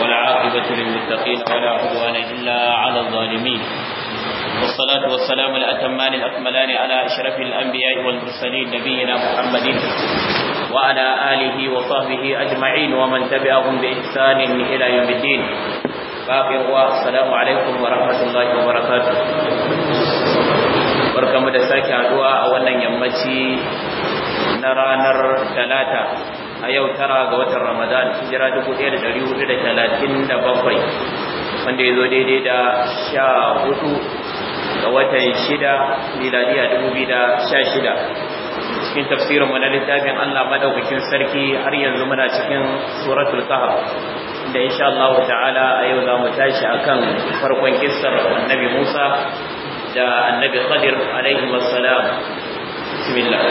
والعاقبة للمتقين ولا عدوان إلا على الظالمين والصلاة والسلام الأتمان الأكملان على أشرف الأنبياء والمرسلين نبينا محمد وعلى آله وصحبه أجمعين ومن تبعهم بإحسان إلى يوم الدين باقي السلام عليكم ورحمة الله وبركاته barkamu da sake haduwa a wannan yammaci na ranar talata a yau tara ga watan Ramadan hijira 1437 wanda ya zo daidai da 14 ga watan 6 miladiya 2016 cikin tafsirin wani littafin Allah madaukakin sarki har yanzu muna cikin suratul kahf da insha Allah ta'ala a yau za mu tashi akan farkon kissar annabi Musa da annabi Khadir alaihi wassalam bismillah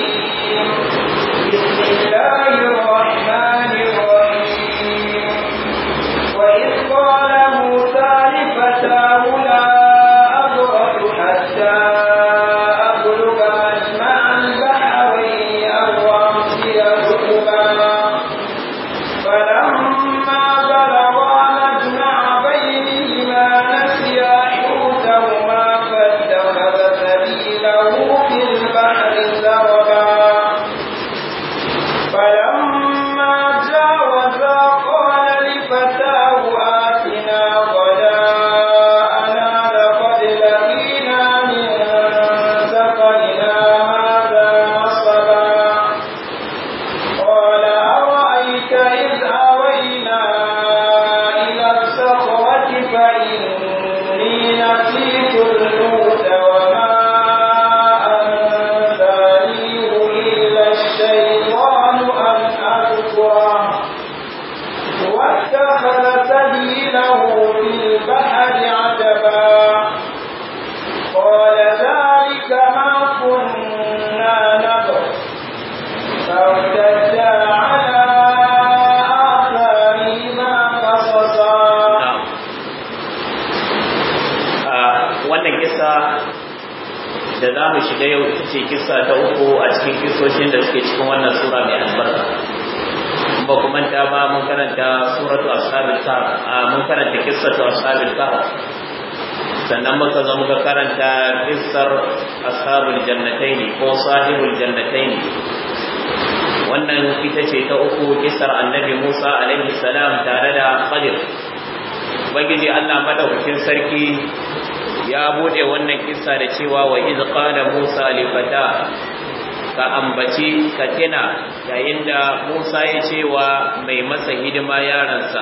tuna yayin da Musa ya ce wa mai masa hidima yaransa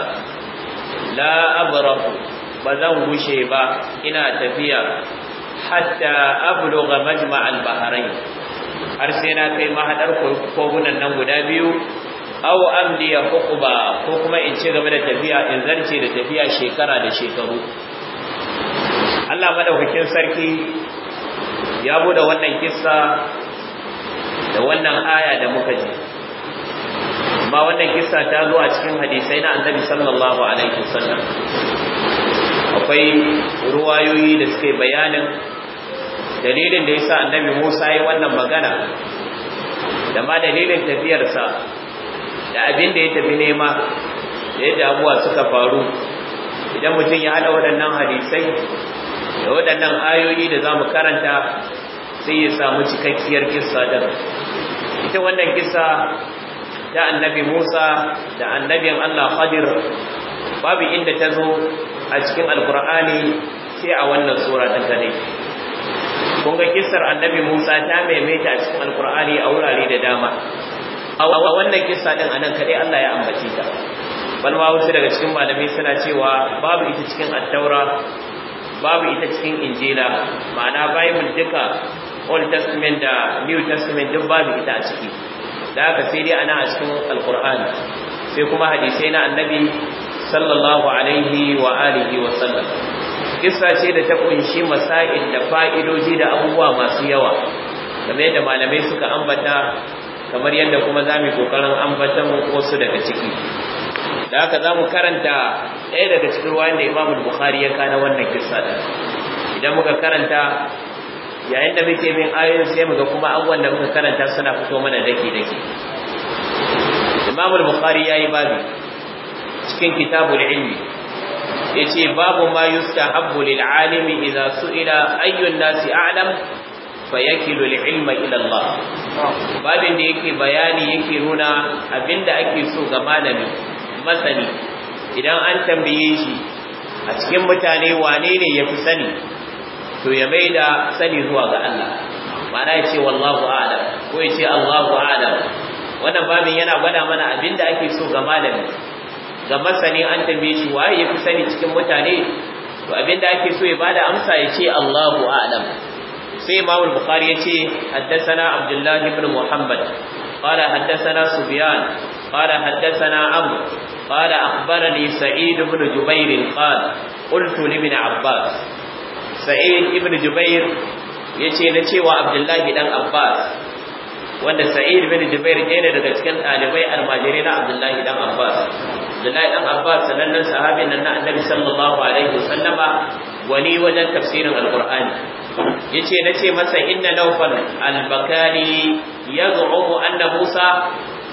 la abrahu ba zan gushe ba ina tafiya hatta ga majma'al bahrain har sai na kai mahaɗar kogunan nan guda biyu aw ya hukuba ko kuma in ci game da tafiya in zarce da tafiya shekara da shekaru Allah madaukakin sarki ya bude wannan kissa da wannan aya da muka ji amma wannan kissa ta zo a cikin hadisai na annabi sallallahu alaihi wasallam akwai ruwayoyi da suke bayanin dalilin da yasa annabi Musa yi wannan magana da ma dalilin tafiyarsa da abin da ya tafi nema da yadda abuwa suka faru idan mutum ya haɗa waɗannan hadisai da waɗannan ayoyi da za mu karanta sai ya samu cikakkiyar kissa da ita wannan kisa ta annabi Musa da annabin Allah Khadir babu inda ta zo a cikin alkur'ani sai a wannan sura ta kare kun ga kisar annabi Musa ta maimaita a cikin alkur'ani a wurare da dama a wannan ɗin din anan kare Allah ya ambace ta balma wasu daga cikin malamai suna cewa babu ita cikin at-taura babu ita cikin injila ma'ana bible duka old testament da new testament duk babu ita a ciki da haka sai dai ana a cikin alkur'ani sai kuma hadisai na annabi sallallahu alaihi wa alihi wa sallam kissa ce da ta kunshi masail da fa'idoji da abubuwa masu yawa kamar yadda malamai suka ambata kamar yadda kuma za mu kokarin mu wasu daga ciki da haka za mu karanta ɗaya daga cikin ruwa da imamu bukhari ya kana wannan kissa da idan muka karanta yayin da muke bin ayoyin sai muga kuma abubuwan da muka karanta suna fito mana dake dake Imam al-Bukhari yayi babu cikin kitabul ilmi yace babu ma yustahabbu lil alimi idza su'ila an nasi a'lam fayakilu al-ilma ila Allah babin da yake bayani yake nuna abinda ake so ga malami masani idan an tambaye shi a cikin mutane wane ne yafi sani to ya mai da sani zuwa ga Allah mana ya ce wallahu a'lam ko ya ce Allahu a'lam wannan babin yana gwada mana abin da ake so ga malami ga masani an tambaye shi waye ya fi sani cikin mutane to abin da ake so ya bada amsa ya ce Allahu a'lam sai Imam Bukhari ya ce haddathana Abdullah ibn Muhammad qala haddathana Sufyan qala haddathana Amr qala akhbarani Sa'id ibn Jubair qala qultu li ibn Abbas sa'id ibn jubair ce na cewa abdullahi dan abbas wanda sa'id ibn jubair ɗaya ne daga cikin ɗalibai almajirai na abdullahi dan abbas abdullahi dan abbas sanannen sahabi nan na annabi sallallahu alaihi wasallama wani wajen tafsirin Ya ce na ce masa inna nawfal albakari yaz'umu anna musa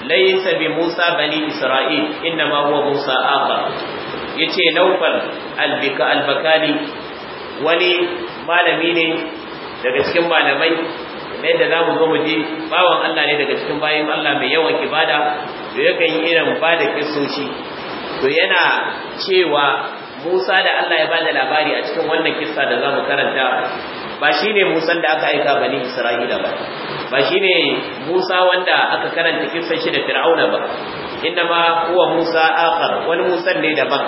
laysa bi musa bani isra'il inna ma huwa musa akhar ya ce albika albakari wani malami ne daga cikin malamai kamar yadda za mu zo mu ji bawan Allah ne daga cikin bayan Allah mai yawan ibada ya yakan yi irin ba da kisoci to yana cewa Musa da Allah ya ba da labari a cikin wannan kissa da za mu karanta ba shi ne Musa da aka aika bani Isra'ila ba ba shi ne Musa wanda aka karanta kisa shi da Fir'auna ba inna ma huwa Musa akhar wani Musa ne daban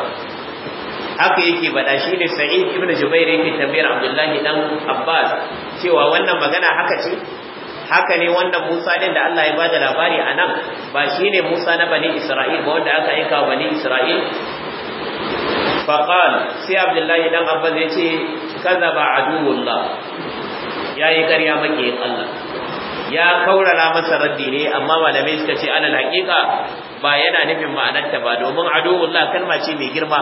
haka yake bada shi ne sa'id ibn jubair yake tambayar abdullahi dan abbas cewa wannan magana haka ce haka ne wannan musa din da Allah ya bada labari a nan ba shi ne musa na bani isra'il ba wanda aka aika wa bani isra'il faqal sai abdullahi dan abbas ya ce kazaba aduwullah yayi ƙarya makiyin Allah ya kaurara masa raddi ne amma malamai suka ce alal hakika ba yana nufin ma'anarta ba domin aduwullah kalma ce mai girma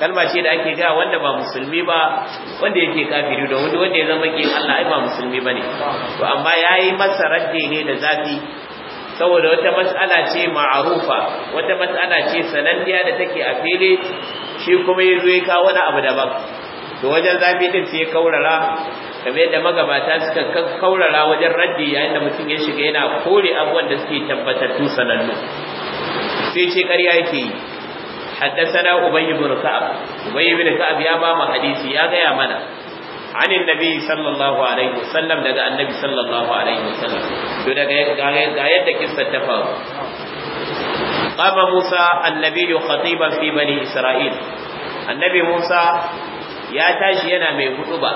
kalma ce da ake ga wanda ba musulmi ba wanda yake kafiri da wanda wanda ya zama ke Allah ai ba musulmi ba bane to amma yayi masa radde ne da zafi saboda wata mas'ala ce ma'arufa wata mas'ala ce sananniya da take a fili shi kuma ya zo ya kawo wani abu daban to wajen zafi din sai ya kaurara kamar yadda magabata suka kaurara wajen raddi yayin da mutum ya shiga yana kore abubuwan da suke tabbatattu sanannu sai ce ƙarya yake yi حدثنا أبي بن كعب أبي بن كعب يا بابا حديثي يا غيا منا عن النبي صلى الله عليه وسلم لدى النبي صلى الله عليه وسلم لدى غاية قصة تفاو قام موسى النبي خطيبا في بني إسرائيل النبي موسى يا تاشي أنا من خطبة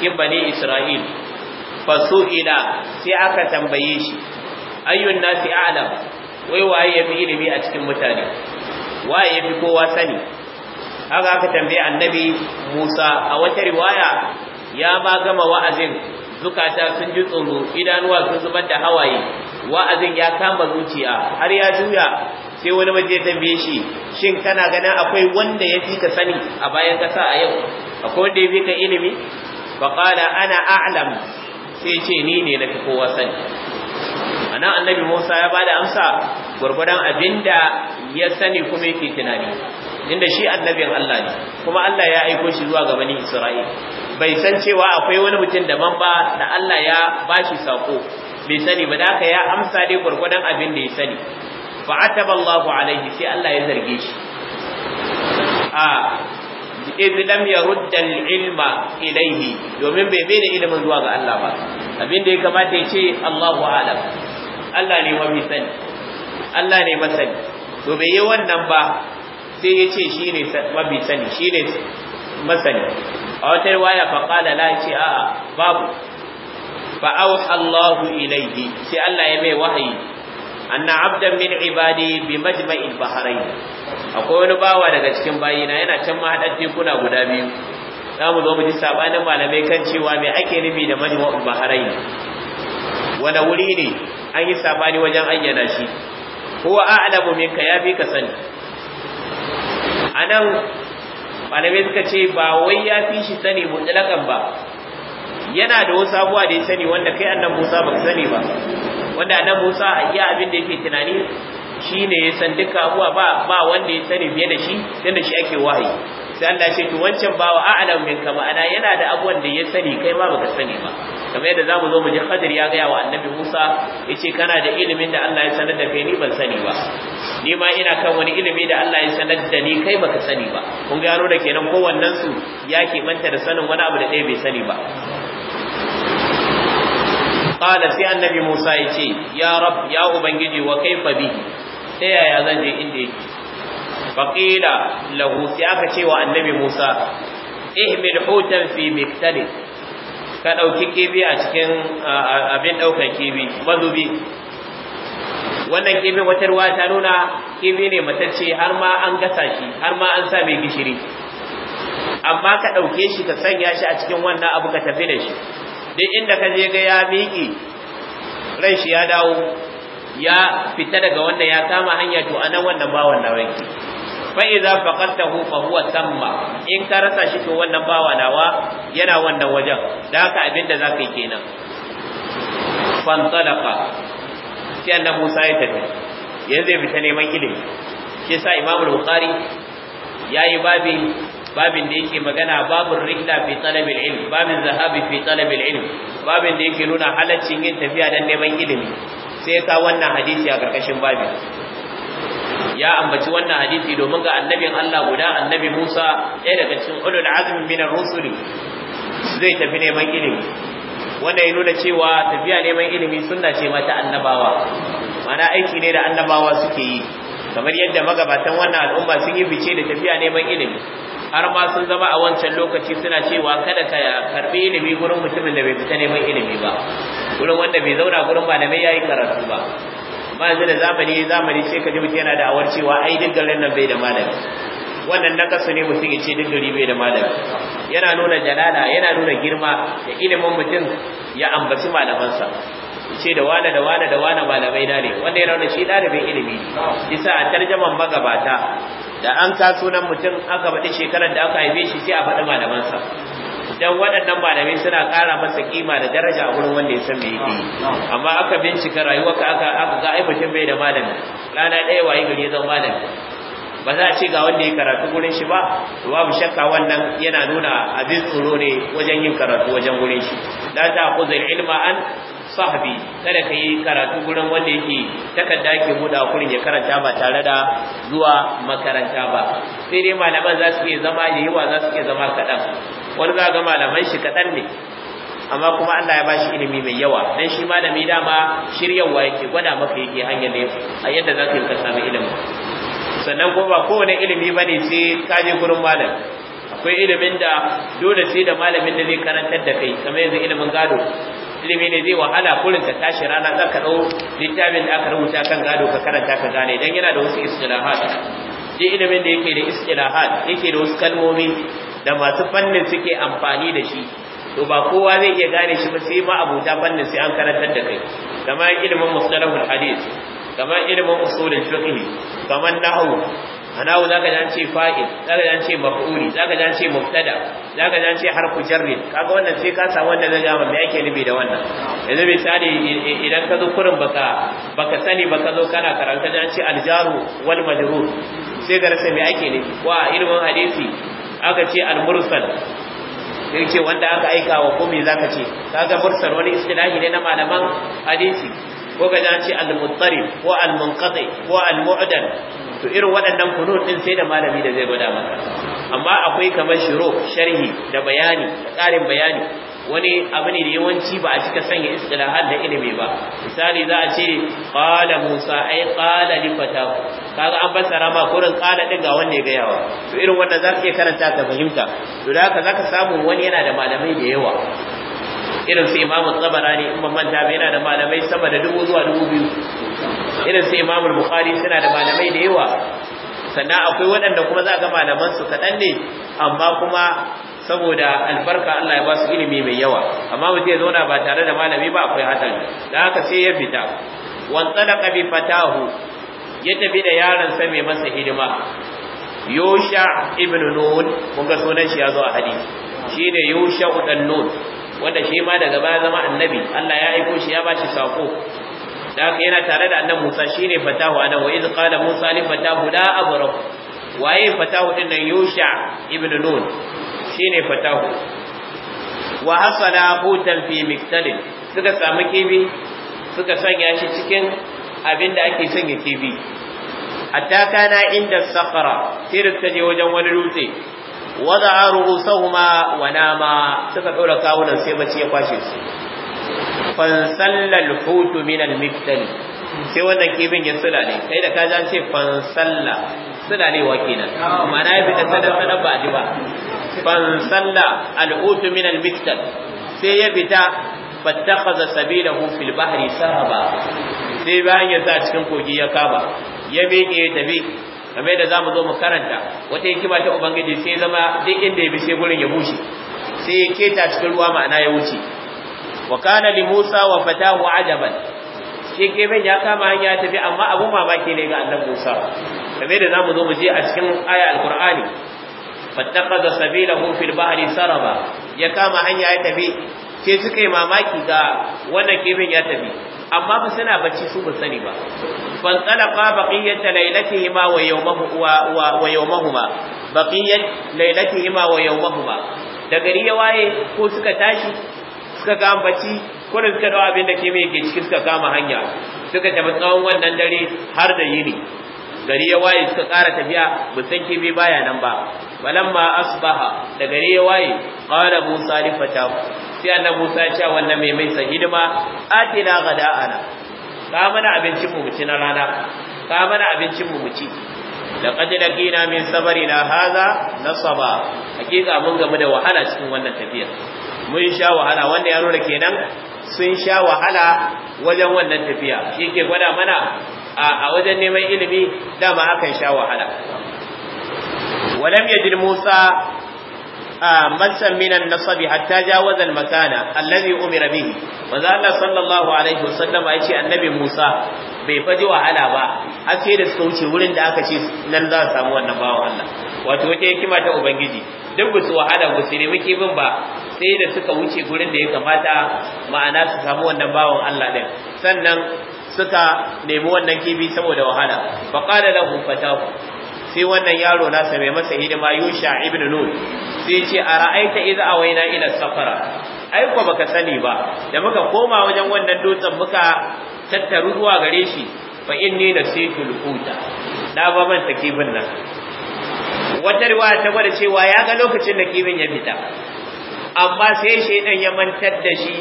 في بني إسرائيل فسئل سعك تنبيش أي الناس أعلم ويوعي في إلمي أتكم متاني waye yafi kowa sani haka aka tambaye annabi Musa a wata riwaya ya ba gama wa'azin zukata sun ji tsoro idanuwa sun zubar da hawaye wa'azin ya kama zuciya har ya juya sai wani waje tambaye shi shin kana ganin akwai wanda ya fi ka sani a bayan kasa a yau akwai wanda ya fi ka ilimi fa qala ana a'lam sai ce ni ne na fi kowa sani ana annabi Musa ya bada amsa gurgurdan abinda ya sani kuma yake tunani inda shi annabin Allah ne kuma Allah ya aiko shi zuwa ga bani Isra'il bai san cewa akwai wani mutum daban ba da Allah ya bashi sako bai sani ba da ya amsa dai gurgurdan abin da ya sani fa ataballahu alaihi sai Allah ya zarge shi a idh lam yurda al-ilma ilayhi domin bai bai da ilimin zuwa ga Allah ba abin da ya kamata ya ce Allahu alam Allah ne bi sani Allah ne masani to bai yi wannan ba sai ya ce shi ne mabi sani shi ne masani a wata riwaya fa qala la ce a'a babu fa auha Allahu ilayhi sai Allah ya mai wahayi anna abdan min ibadi bi majma'i bahrain akwai wani bawa daga cikin bayina yana can mahadar tekuna guda biyu za mu zo mu ji sabanin malamai kan cewa me ake nufi da majma'i bahrain Wani wuri ne an yi sabani wajen ayyana shi huwa a'lamu minka ya fi ka sani anan malamai suka ce ba wai ya fi shi sani mutlakan ba yana da wasu abuwa da ya sani wanda kai annabi Musa ba sani ba wanda annabi Musa a iya abin da yake tunani shine ya san duka abuwa ba ba wanda ya sani fiye da shi tunda da shi ake wahayi sai Allah ya ce to wancan bawa a'lamu minka ma'ana yana da abuwan da ya sani kai ma baka sani ba kamar yadda zamu zo mu ji Khadir ya gaya wa Annabi Musa yace kana da ilimin da Allah ya sanar da kai ni ban sani ba ni ma ina kan wani ilimi da Allah ya sanar da ni kai baka sani ba kun gano da kenan kowannen su ya manta da sanin wani abu da ɗaya bai sani ba qala sai annabi Musa yace ya rab ya ubangiji wa kaifa bi ta yaya zan je inda yake faqila lahu sai aka ce wa annabi Musa ihmil hutan fi miktalik ka ɗauki kibi a cikin abin ɗaukar kibi mazubi wannan kibin wata ruwa ta nuna kibi ne matacce har ma an gasa shi har ma an sa mai gishiri amma ka ɗauke shi ka sanya shi a cikin wannan abu ka tafi da shi duk inda ka je ga ya miƙi ran shi ya dawo ya fita daga wannan ya kama hanya to anan wannan ba wannan wanki fa idza faqadtahu fa huwa samma in ka rasa shi to wannan bawa nawa yana wannan wajen da haka abinda zaka yi kenan fantalaqa sai annabi Musa ya tafi yanzu ya fita neman ilimi shi sa Imam Bukhari yayi babi babin da yake magana babun rihla fi talabil ilm babin zahabi fi talabil ilm babin da yake nuna halaccin yin tafiya dan neman ilimi sai ka wannan hadisi a karkashin babin ya ambaci wannan hadisi domin ga annabin Allah guda annabi Musa ɗaya daga cikin ulul azmi minar rusuli zai tafi neman ilimi wanda ya nuna cewa tafiya neman ilimi sunna ce mata annabawa mana aiki ne da annabawa suke yi kamar yadda magabatan wannan al'umma sun yi fice da tafiya neman ilimi har ma sun zama a wancan lokaci suna cewa kada ka karbi ilimi gurin mutumin da bai fita neman ilimi ba gurin wanda bai zauna gurin malamai yayi karatu ba amma yanzu da zamani zamani ce ka ji mutum yana da awar cewa ai duk garin nan bai da malami wannan na kasu ne mutum ya ce duk gari bai da malami yana nuna jalala yana nuna girma da ilimin mutum ya ambaci malamansa ce da wane da wane da wane malamai na ne wanda ya rauna shi ɗalibin ilimi isa a tarjaman magabata da an ka sunan mutum aka faɗi shekarar da aka haife shi sai a faɗi malamansa dan waɗannan malamai suna ƙara masa kima da daraja a wurin wanda ya san me yake amma aka bincika rayuwar ka aka aka ga ai mutum bai da malami rana ɗaya waye gari ya zama malami ba za a ce ga wanda ya karatu gurin shi ba babu shakka wannan yana nuna abin tsoro ne wajen yin karatu wajen gurin shi la ta khuzul ilma an sahbi kada ka yi karatu gurin wanda yake takarda ke buɗa kurin ya karanta ba tare da zuwa makaranta ba sai dai malaman za su iya zama da yawa za su iya zama kaɗan wani za ga malaman shi kaɗan ne amma kuma Allah ya bashi ilimi mai yawa dan shi malami dama shiryawa yake gwada maka yake hanyar ne a yadda zaka yi ka samu ilimi sannan kuma ba kowane ilimi bane sai ka je gurin malam akwai ilimin da dole sai da malamin da zai karantar da kai kamar yanzu ilimin gado ilimi ne zai wahala kullun ka tashi rana za ka dau littafin da aka rubuta kan gado ka karanta ka gane dan yana da wasu istilahat sai ilimin da yake da istilahat yake da wasu kalmomi da masu fannin suke amfani da shi to ba kowa zai iya gane shi ba sai ma abuta fannin sai an karantar da kai kamar ilimin musalahul hadith kamar ilimin usulul fiqh kamar nahwu anahu zaka ka an ce fa'il zaka dan ce maf'uli zaka dan ce mubtada zaka dan ce harfu jarri kaga wannan sai ka samu wanda zai gama me yake nufi da wannan yanzu misali idan ka zo kurin baka baka sani baka zo kana karanta dan ce aljaru wal majrur sai ga rasa me yake nufi wa ilimin hadisi aka ce al-mursal yake wanda aka aika wa komai zaka ce kaga mursal wani istilahi ne na malaman hadisi ko ga ce al-muttarib ko al-munqati ko al-mu'dal to irin waɗannan kunun din sai da malami da zai gwada maka amma akwai kamar shiro sharhi da bayani da ƙarin bayani wani abu ne da yawanci ba a cika sanya istilahan da ilimi ba misali za a ce qala musa ai qala li fatahu kaga an fasa rama kurin qala din ga wanne ga yawa to irin wannan za ka iya karanta ka fahimta to da haka zaka samu wani yana da malamai da yawa irin su imamu tsabarani in ban manta yana da malamai sama da dubu zuwa dubu biyu irin su imamu bukhari suna da malamai da yawa sannan akwai waɗanda kuma za ga malaman su kaɗan ne amma kuma saboda albarka Allah ya ba su ilimi mai yawa amma mutum ya zauna ba tare da malami ba akwai hatsari da haka sai ya fita wan talaqa fatahu ya tafi da yaron sa mai masa hidima yusha ibn nun kun ga sunan shi ya zo a hadisi shine yusha dan nun wanda shi ma daga baya zama annabi Allah ya aiko shi ya ba shi sako da haka yana tare da annabi Musa shine fatahu anan wa iz qala Musa li fatahu la abrahu waye fatahu din nan Yusha ibn Nun shine fatahu wa hasala hutan fi miktalin suka samu kibi suka sanya shi cikin abin da ake sanya kibi hatta kana inda safara sai da je wajen wani dutse wada'a ru'usahuma wa nama suka dora kawunan sai bace ya kwashe su sallal hutu min al miktali sai wannan kibin ya tsula ne kai da ka ji an ce tsula ne wa kenan ma'ana ya fita sadar sadar ba ji ba ban salla al'utu min al-miktal sai ya fita fattakhadha sabilahu fil bahri sahaba sai bayan ya sa cikin kogi ya kaba ya miƙe ya tafi kamar da zamu zo mu karanta wata hikima ta ubangiji sai zama duk inda ya bi sai gurin ya bushe sai ya keta cikin ruwa ma'ana ya wuce wa kana li Musa wa fatahu ajaban shi kemen ya kama hanya tafi amma abun mamaki ne ga annabi Musa kamar da zamu zo mu je a cikin aya alqur'ani fattakaza sabilahu fil bahri saraba ya kama hanya ya tafi ke suka yi mamaki ga wannan kifin ya tafi amma ba suna bacci su ba sani ba fan talaqa baqiyat lailatihima wa yawmahu wa yawmahuma baqiyat lailatihima wa yawmahuma da gari ya waye ko suka tashi suka ga bacci ko da suka dawo abin da ke mai yake cikin suka kama hanya suka tafi tsawon wannan dare har da yini gari ya waye suka ƙara tafiya musan kebe baya nan ba falamma asbaha da gare ya waye qala musa li fatahu sai annabi musa ya ce wannan mai mai sa hidima atina ana. ka mana abincin mu ci na rana ka mana abincin mu ci laqad laqina min sabarina na saba. hakika mun gamu da wahala cikin wannan tafiya mun sha wahala wanda ya nuna kenan sun sha wahala wajen wannan tafiya shi ke gwada mana a wajen neman ilimi dama akan sha wahala ولم يجد موسى مسا من النصب حتى جاوز المكان الذي أمر به وذا الله صلى الله عليه وسلم أيشي النبي موسى bai faji wahala ba har sai da suka wuce wurin da aka ce nan za a samu wannan bawan Allah wato wata hikima ta ubangiji duk ba su wahala ba su nemi kifin ba sai da suka wuce gurin da ya kamata ma'ana su samu wannan bawan Allah din sannan suka nemi wannan kifi saboda wahala fa qala lahu fatahu sai wannan yaro nasa mai masa hidima yusha ibn nun sai ce a ra'aita idza awaina ila safara ai ko baka sani ba da muka koma wajen wannan dutsen muka tattaru zuwa gare shi fa inni nasitul quta da ba man takibin nan wata riwaya ta gwada cewa ya ga lokacin da kibin ya fita amma sai shaidan ya mantar da shi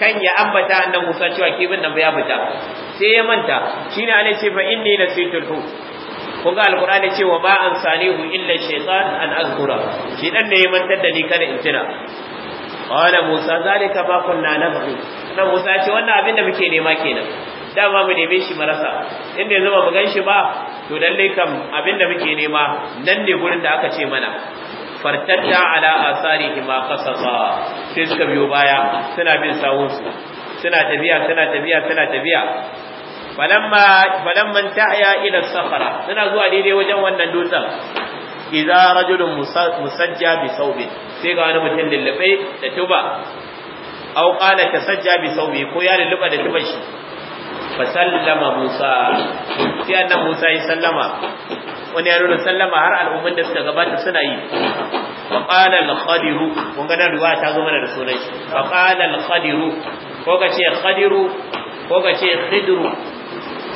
kan ya ambata annan musa cewa kibin nan ya fita sai ya manta shine ne ce fa inni nasitul quta kun ga alqur'ani cewa ba an salihu illa shaytan an azkura dan ne ya mantar da ni kada in tuna qala musa zalika ba kunna nabghi na musa ce wannan abin da muke nema kenan dama mu neme shi marasa inda yanzu ba mu gan shi ba to lalle kam abin da muke nema nan ne gurin da aka ce mana Fartatta ala asarihi ma qasasa sai suka biyo baya suna bin sawunsu suna tafiya suna tafiya suna tafiya falamma falamman tahya ila sakhara suna zuwa daidai wajen wannan dutsen Iza rajulun musajja bi saubi sai ga wani mutum lullube da tuba aw ta sajja bi saubi ko ya lulluba da tuba shi fa sallama musa sai annabi musa ya sallama wani ya nuna sallama har al'umman da suka gabata suna yi wa qala al-khadiru kun ga nan ruwa ta zo mana da sunan shi wa qala al-khadiru ko ka ce khadiru ko ka ce khidru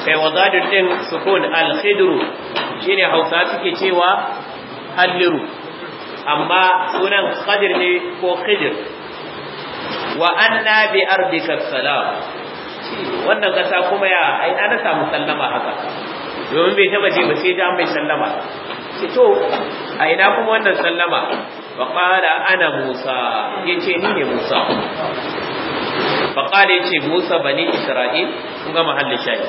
sai wadadin din sukun al-khidru shine hausa suke cewa halliru amma sunan khadir ne ko khidr wa anna bi ardika salam wannan kasa kuma ya ai ana samu sallama haka domin bai taba ce ba sai da mai sallama ce to a ina kuma wannan sallama wa qala ana musa yace ni ne musa faƙala ce Musa bani Isra'il kun ga mahallin shayi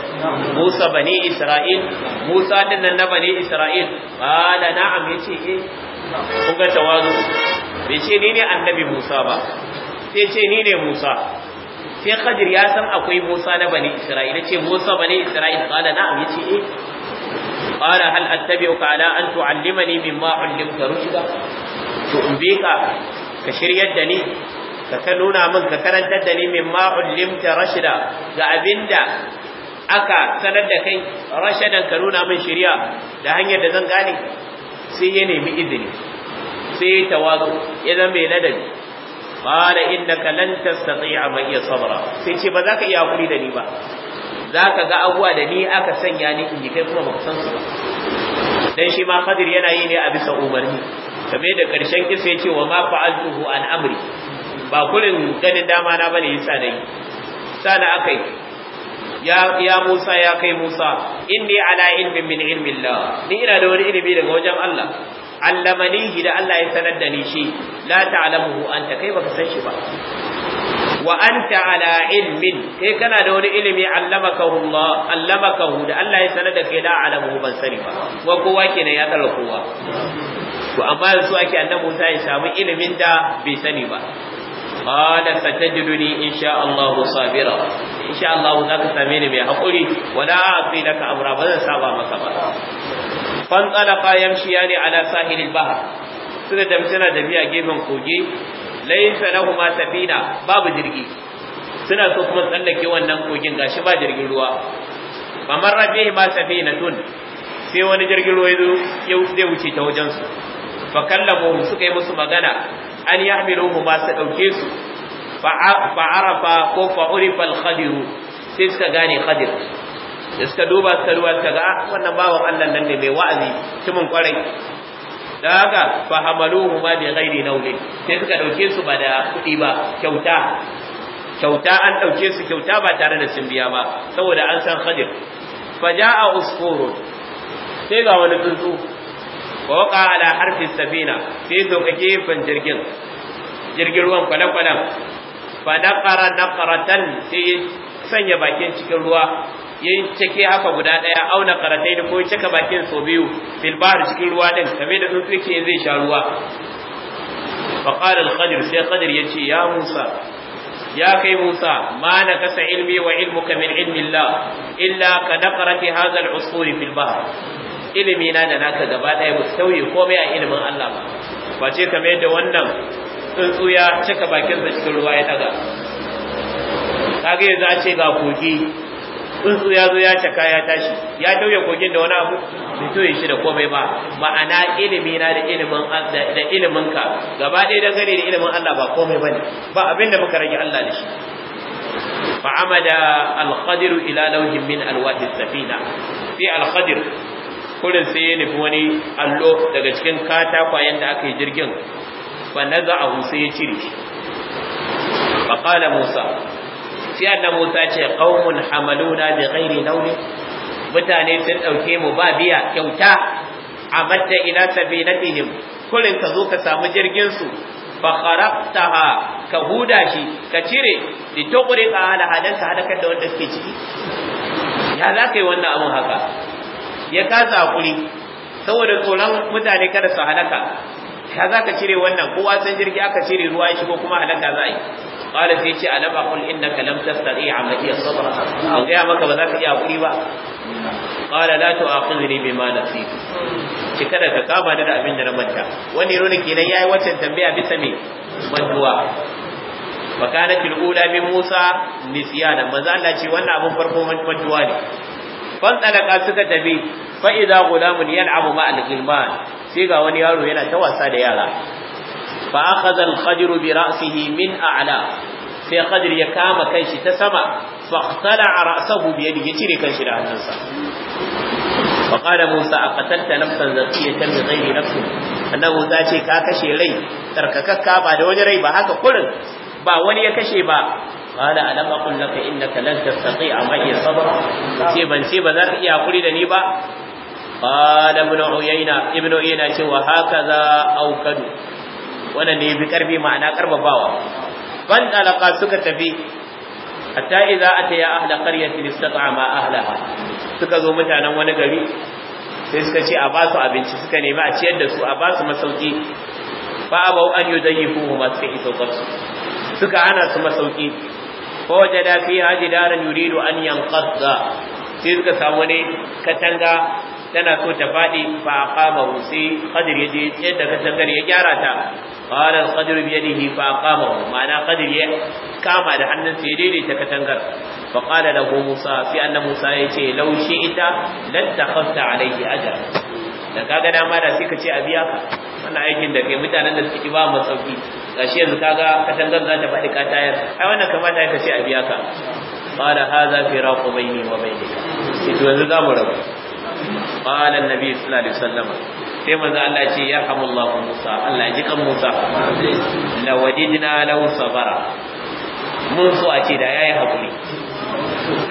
Musa bani Isra'il Musa din na bani Isra'il Ba da na'am ya yace eh kun ga tawazu bai ce ni ne annabi Musa ba sai ce ni ne Musa sai Khadir ya san akwai Musa na bani Isra'il ce Musa bani Isra'il Ba da na'am ya yace eh qala hal attabi'uka ala an tu'allimani mimma 'allamta rushda to in bika ka shiryar da ni ka ka nuna min ka karanta da ni min ma ullimta rashida ga abinda aka sanar da kai rashadan ka nuna min shirya da hanyar da zan gane sai ya nemi izini sai ya tawazu ya zama mai ladabi qala innaka lan tastati'a ma iya sabra sai ce ba za ka iya hakuri da ni ba za ka ga abuwa da ni aka sanya ni in kai kuma ba san su ba dan shi ma Kadir yana yi ne a bisa umarni kamar da karshen kisa yace wa ma fa'altuhu an amri ba kurin ganin dama na bane yasa nayi sana akai ya ya Musa ya kai Musa inni ala ilmin min ilmillah ni ina da wani ilimi daga wajen Allah allamanihi da Allah ya sanar da ni shi la ta'lamuhu anta kai baka san shi ba wa anta ala ilmin kai kana da wani ilimi allamakahu Allah hu, da Allah ya sanar da kai la alamu ban sani ba wa kowa kenan ya tsara kowa to amma yanzu ake annabi Musa ya samu ilimin da bai sani ba qala satajiduni insha Allah sabira insha Allah zaka same ni mai hakuri wala afi laka amra ba zan saba maka ba fan talaqa yamshiyani ala sahilil bahr suka tafi suna tafiya gefen kogi laysa lahumu safina babu jirgi suna so kuma tsallake wannan kogin ga shi ba jirgin ruwa kamar rafihi ba safinatun sai wani jirgin ruwa ya zai wuce ta wajen su fa kallamu suka yi musu magana an yi ma mu dauke su fa'arafa ko fa urifa sai suka gane khadir da suka duba suka duba suka ga ah, wannan bawan allan nan ne mai wa'azi cimin kwarai da haka fa hamaluhu ma zai ne nawli sai suka ɗauke su ba da kuɗi ba kyauta kyauta an ɗaukesu su kyauta ba tare da sun biya ba saboda an san khadir fa ja a usfuru sai ga wani tsuntsu wa waqa ala harfi safina sai sauka gefen jirgin jirgin ruwan kwale-kwalen fa naqara naqaratan sai sanya bakin cikin ruwa yayin cike haka guda ɗaya, auna karatai da ko cika bakin so biyu fil bahr cikin ruwa din kamar da tsuntsu yake zai sha ruwa fa qala al sai khadir yace ya musa ya kai musa ma na kasa ilmi wa ilmuka min ilmi illa ka naqarati hadha al usuri fil bahr ilimi na da naka gaba ɗaya ba sauyi komai a ilimin Allah ba ba ce kamar da wannan tsuntsu ya cika bakin sa cikin ruwa ya daga kage yanzu a ce ga kogi tsuntsu ya zo ya caka ya tashi ya tauye kogin da wani abu bai tauye shi da komai ba ma'ana ilimi na da ilimin da ilimin ka gaba ɗaya dangane da ilimin Allah ba komai bane ba abin da muka rage Allah da shi فعمد الخضر إلى لوح من ألواح السفينة في الخضر kurin sai ya nufi wani allo daga cikin katakwayen da aka yi jirgin na za a sai ya cire shi ba kala musa sai Na musa ce qaumun hamaluna da ghairi nauni mutane sun dauke mu ba biya kyauta a amatta na sabilatihim kurin ka zo ka samu jirgin su fa ha ka huda shi ka cire li tuqriqa ala hadan ka kan da wanda suke ciki ya za ka yi wannan abin haka ya kaza hakuri saboda tsoron mutane kada su halaka ka za ka cire wannan kowa san jirgi aka cire ruwa ya shigo kuma halaka za a yi qala sai ce alam aqul innaka lam tastati'a ma'iya sabra a ga maka ba za ka iya hakuri ba qala la tu'akhidni bima nasi ki kada ka kama da abin da na manta wani rona kenan yayi waccan tambaya bisa me mantuwa fakanatil ula min musa nisyana maza Allah ce wannan abin farko mantuwa ne fantalaka suka tafi fa idza gulamun abu ma al sai ga wani yaro yana ta wasa da yara fa akhadha al-khadir bi ra'sihi min a'la sai khadir ya kama kanshi ta sama fa a ra'asahu biyar ya cire kanshi da hannunsa fa qala musa aqatalta nafsan zakiyatan bi ghairi nafsin annabi ta ce ka kashe rai tarkakakka ba da wani rai ba haka kurin ba wani ya kashe ba قال ألم أقل لك إنك لن تستطيع معي صبرا سيبا سيبا ذاك يا قولي دني با قال ابن عيينة ابن عيينة وهكذا أوكد wannan ne bi karfi ma'ana karbabawa ban talaka suka tafi hatta idza ataya ahla qaryatin istat'ama ahlaha suka zo mutanen wani gari sai suka ce a basu abinci suka nemi a ciyar da su a basu masauki a abau an yudayyifuhum ma suka iso su suka hana su masauki fi wajada da jidaran yuridu an yanqadha sai suka samu ne katanga tana so ta faɗi fa aqama sai qadir yaje yadda katangar ya gyara ta qala al qadir bi yadihi fa aqama na qadir ya kama da hannun ya daidaita katangar fa qala lahu musa sai annabi musa yace ita, shi'ita lan takhafta alayhi ajra da kaga dama da sai ka ce a biya ka wannan aikin da kai mutanen da suke ba mu sauki gashi yanzu kaga katangar za ta faɗi katayar. ai wannan kamata ya kace a biya ka qala hadha firaqu bayni wa bainika to yanzu za mu rabu qala annabi sallallahu alaihi wasallam sai manzo Allah ce ya hamullahu Musa Allah ji kan Musa lawadidna law sabara mun so a ce da yayi hakuri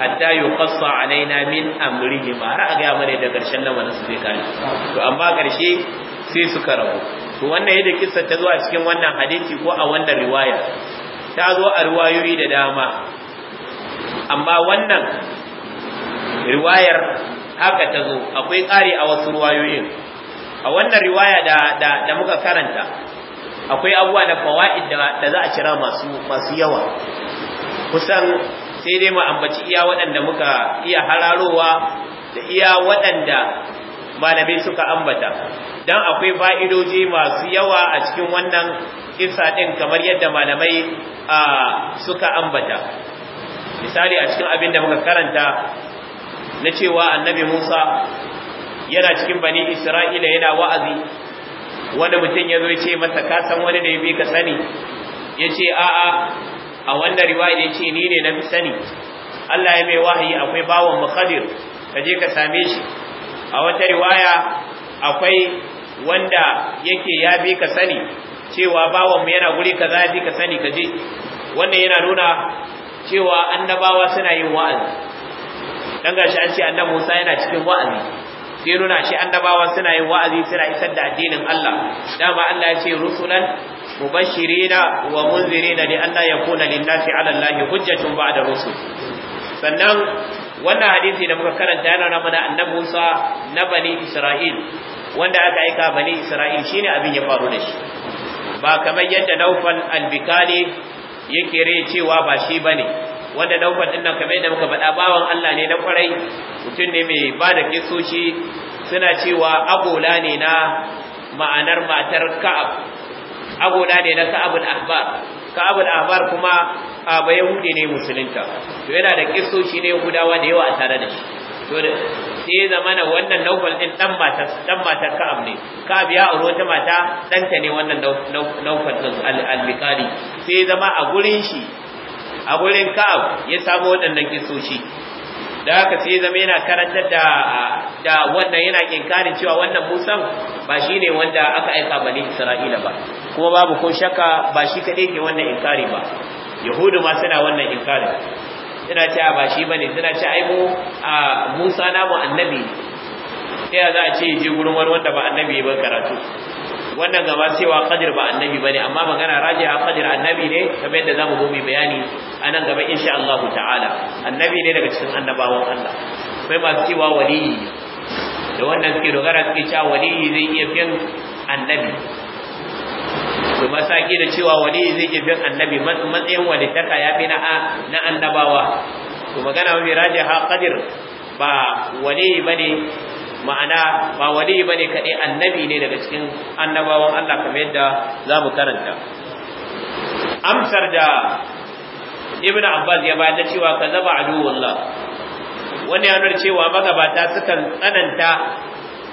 hatta yuqassa alaina min amrihi ma har ga mana da karshen nan wannan su zai kare to amma karshe sai suka rabu to wannan yadda kissa ta zo a cikin wannan hadisi ko a wannan riwaya ta zo a riwayoyi da dama amma wannan riwayar haka ta zo akwai tsari a wasu riwayoyin a wannan riwaya da da, da muka karanta akwai abubuwa da fawaid da, za a cira masu masu yawa kusan sai dai mu ambaci iya waɗanda muka iya hararowa da iya waɗanda malamai suka ambata dan akwai fa'idoji masu yawa a cikin wannan kissa din kamar yadda malamai suka ambata misali a cikin abin da muka karanta na cewa annabi Musa yana cikin bani Isra'ila yana wa'azi Wani mutum ya zo ya ce masa ka san wani da ya bi ka sani ya ce a'a a wannan riwaya ya ce ni ne na fi sani Allah ya mai wahayi akwai bawan makadir ka je ka same shi a wata riwaya akwai wanda yake ya bi ka sani cewa bawanmu yana guri kaza ya ka sani ka je wannan yana nuna cewa annabawa suna yin wa'azi dan gashi an ce annabi Musa yana cikin wa'azi sai nuna shi annabawa suna yin wa'azi suna isar da addinin Allah dama Allah ya ce rusulan mubashirina wa munzirina li an yakuna lin-nasi 'ala Allahi hujjatun ba'da rusul sannan wannan hadisi da muka karanta yana nuna mana annabi Musa na bani Isra'il wanda aka aika bani Isra'il shine abin ya faru da shi ba kamar yadda Naufal al-Bikali yake rai cewa ba shi bane wanda Naufal din nan kamar yadda muka faɗa bawan Allah ne na kwarai mutum ne mai ba da kisoshi suna cewa abola ne na ma'anar matar Ka'ab abola ne na Ka'abul Ahbar Ka'abul Ahbar kuma a ba yahudi ne musulunta to yana da shi ne yahudawa da yawa a tare da shi to sai ya zama na wannan naufal din dan mata dan mata ka'ab ne ka'ab ya aure wata mata ɗanta ne wannan naufal din al sai zama a gurin shi a gurin ka'ab ya samu waɗannan kisoshi da haka sai ya zama yana karantar da da wannan yana kinkarin cewa wannan musan ba shi ne wanda aka aika bani isra'ila ba kuma babu ko shakka ba shi kadai ke wannan inkari ba yahudu ma suna wannan inkari suna ce ba shi bane suna ce ai mu a Musa na mu annabi sai za a ce je gurin wani wanda ba annabi ba karatu wannan gaba cewa qadir ba annabi bane amma magana rajiha qadir annabi ne kamar yadda zamu zo mu bayani anan gaba insha Allah ta'ala annabi ne daga cikin annabawan Allah sai masu cewa waliyi da wannan suke dogara suke cewa waliyi zai iya fin annabi su masaki da cewa wani zai ke bin annabi matsayin wani taka ya fi na annabawa to magana mafi raji ha qadir ba wani bane ma'ana ba wani bane kaɗai annabi ne daga cikin annabawan Allah kamar yadda za mu karanta amsar da ibn abbas ya bayar da cewa ka zaba aduwallah wani ya nuna cewa magabata sukan tsananta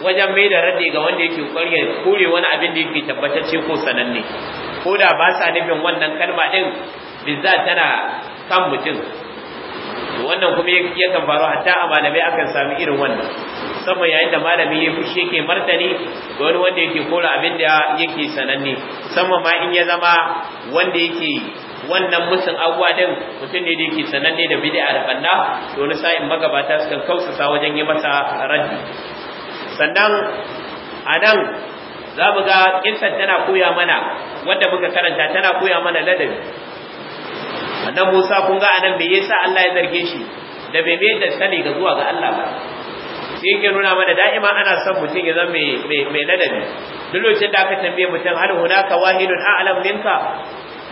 wajen mai da raddi ga wanda yake kwarya kore wani abin da yake tabbatacce ko sananne ko da ba sa nufin wannan kalma din bizza tana kan mutum wannan kuma yakan faru hatta a malamai akan sami irin wannan sama yayin da malami ya fushi yake martani ga wani wanda yake kora abin da yake sananne musamman ma in ya zama wanda yake wannan musun abuwa din mutum ne da yake sananne da bid'a da banna to wani sa'in magabata suka kausasa wajen yi masa raddi sannan a nan za mu ga kisan tana koya mana wanda muka karanta tana koya mana ladabi annan musa kun ga anan me yasa allah ya zarge shi da bai mai da sani ga zuwa ga allah ba sai yake nuna mana da'ima ana son mutum ya zama mai ladabi duk lokacin da aka tambaye mutum hal hunaka wahidun a'lam minka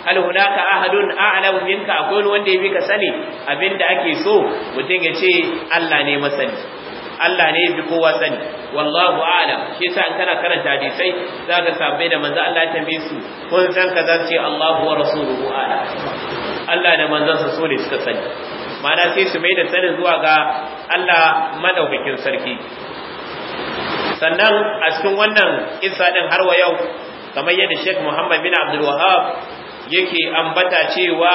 hal hunaka ahadun a'lam minka akwai wanda ya bi ka sani abinda ake so mutum ya ce allah ne masani Allah ne yafi kowa sani wallahu a'lam shi yasa an kana karanta hadisai zaka sabbe da manzo Allah ya tambaye su kun san kaza ce Allahu wa rasuluhu a'lam Allah da manzon so ne suka sani ma'ana sai su mai da sanin zuwa ga Allah madaukakin sarki sannan a cikin wannan kissa din har wa yau kamar yadda Sheikh Muhammad bin Abdul Wahhab yake ambata cewa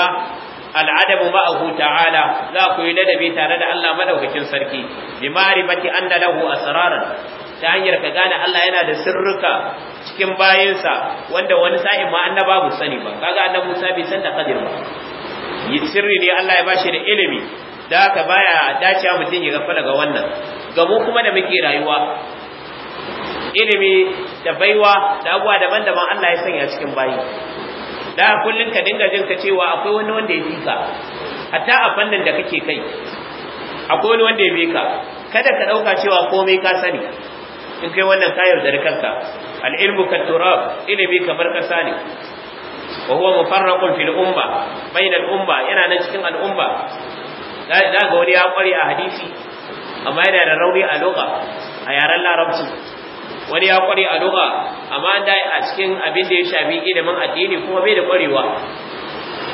العدم ma'ahu ta'ala za ku yi ladabi tare da Allah maɗaukakin sarki bi ma'rifati anna lahu asraran ta hanyar ka gane Allah yana da sirruka cikin sa wanda wani sa'in ma annaba babu sani ba kaga annabi Musa bai san da kadir ba yi sirri ne Allah ya bashi da ilimi da haka baya dace mutum ya gafala ga wannan ga mu kuma da muke rayuwa ilimi da baiwa da abuwa daban-daban Allah ya sanya cikin bayi da kullun ka dinga jin ka cewa akwai wani wanda ya bi ka hatta a fannin da kake kai akwai wani wanda ya bi ka kada ka dauka cewa komai ka sani in kai wannan ka yarda da kanka al-ilmu ka turab ilimi kamar kasa ne wa huwa mufarraqun fil umma al umma yana nan cikin al-umma da ga wani ya kware a hadisi amma yana da rauni a loka a yaren larabci wani ya kware a lugha amma da a cikin abin da ya shafi ilimin addini kuma bai da kwarewa